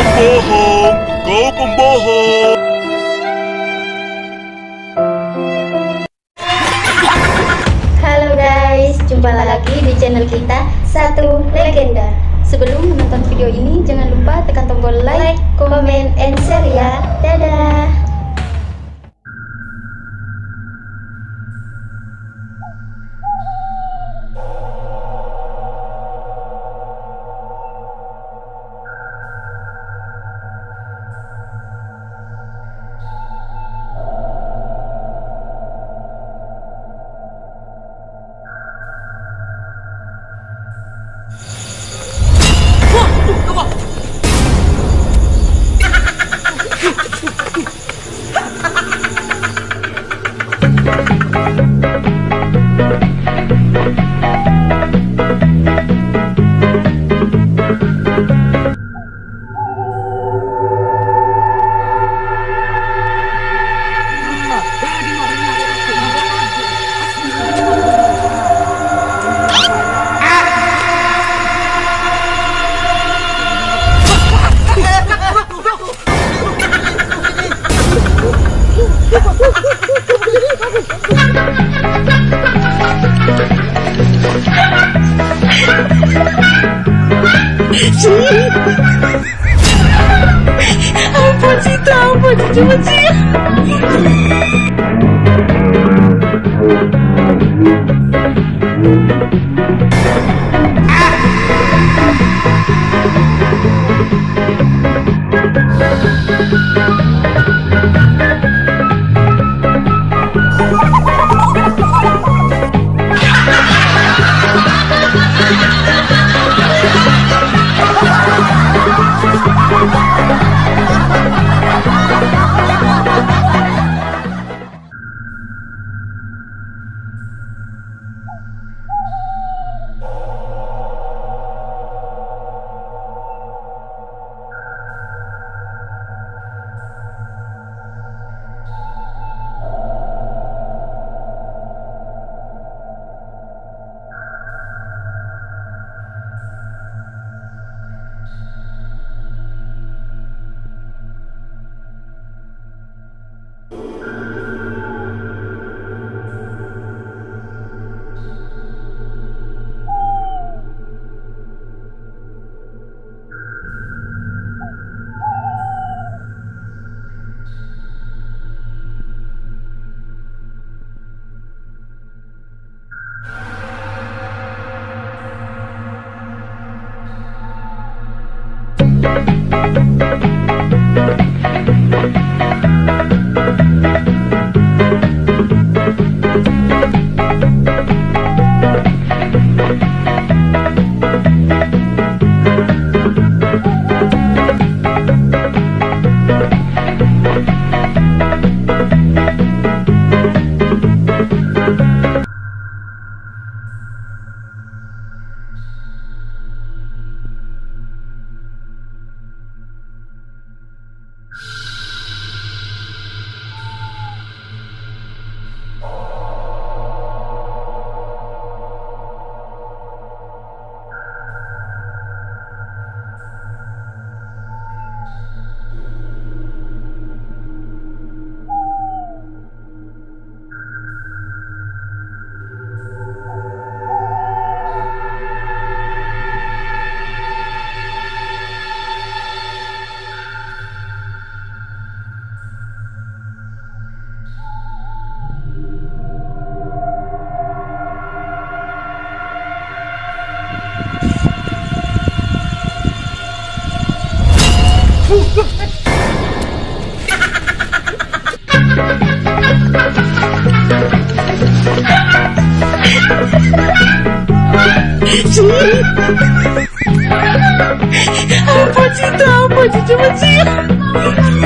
bohong! Kau pembohong! Halo guys, jumpa lagi di channel kita Satu Legenda. Sebelum menonton video ini, jangan lupa tekan tombol like, comment, and share ya. Dadah! 怎么进？啊！Thank you. 鸡，不知道，不知道，不知道。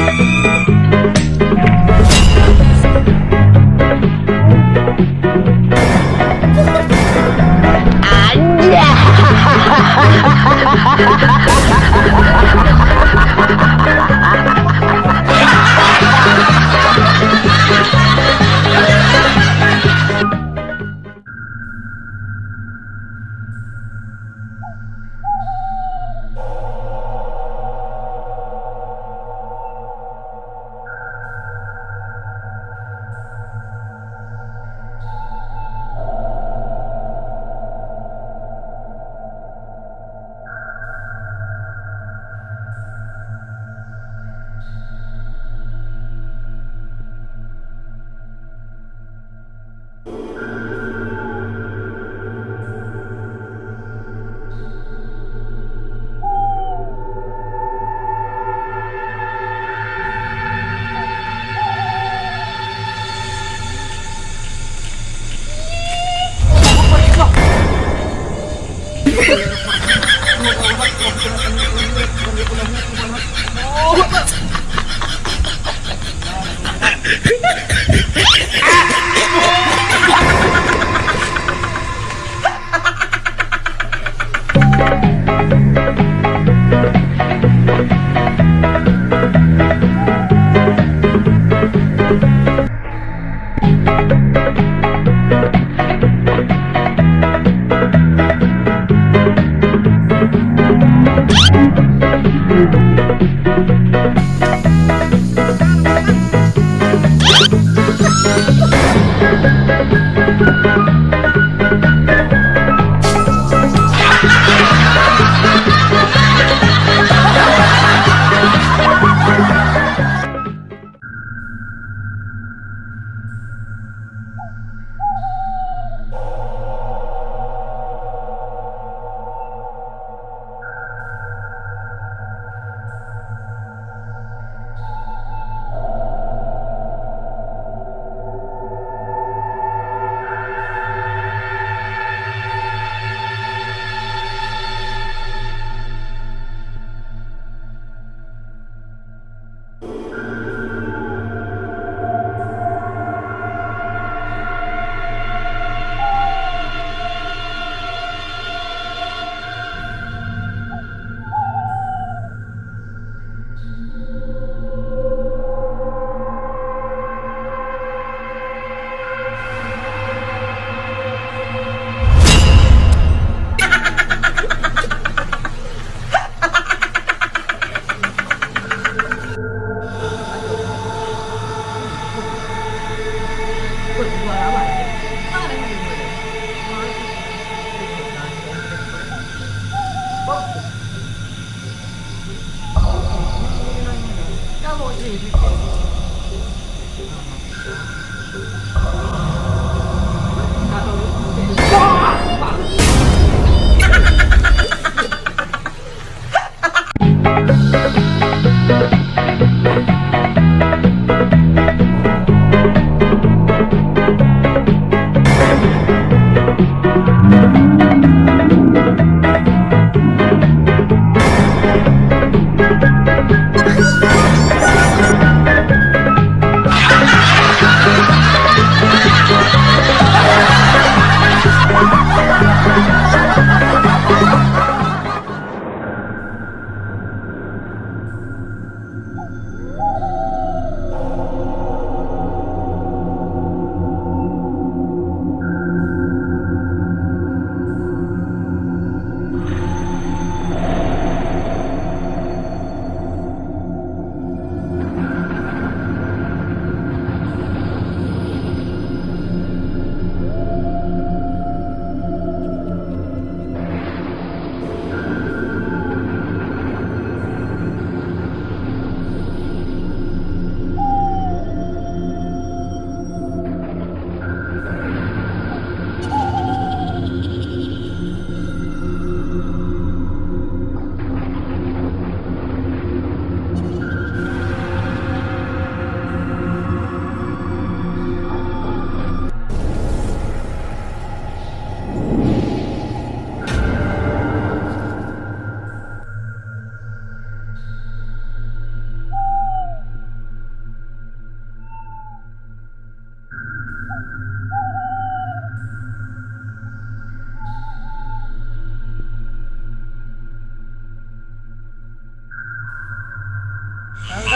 Thank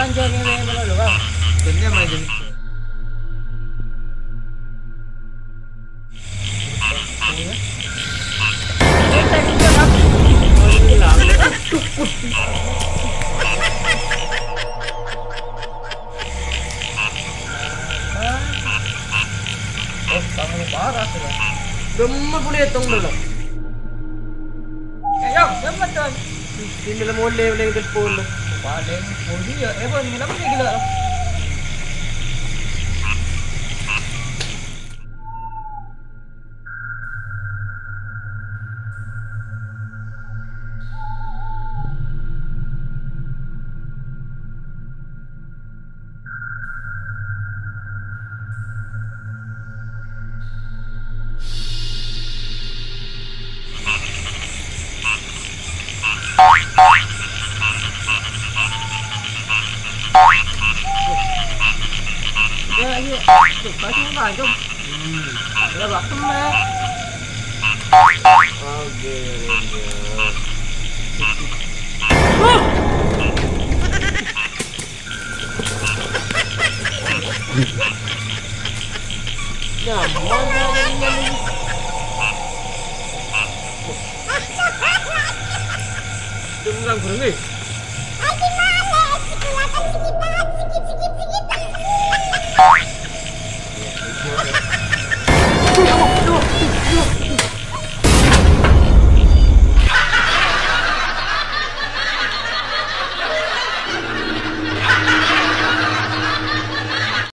안전이 왜 그러려가? 됐냐 말이지. ரொம்ப புளிய தொங்கலாம் ஐயோ ரொம்ப தொங்க இந்த மோல்ல எவ்வளவு போடணும் Paling, oh dia, eh, pun, Kenapa dia gila lagi cepatnya tajam lewat temen oke Nah, mana ini? Tunggang berhenti.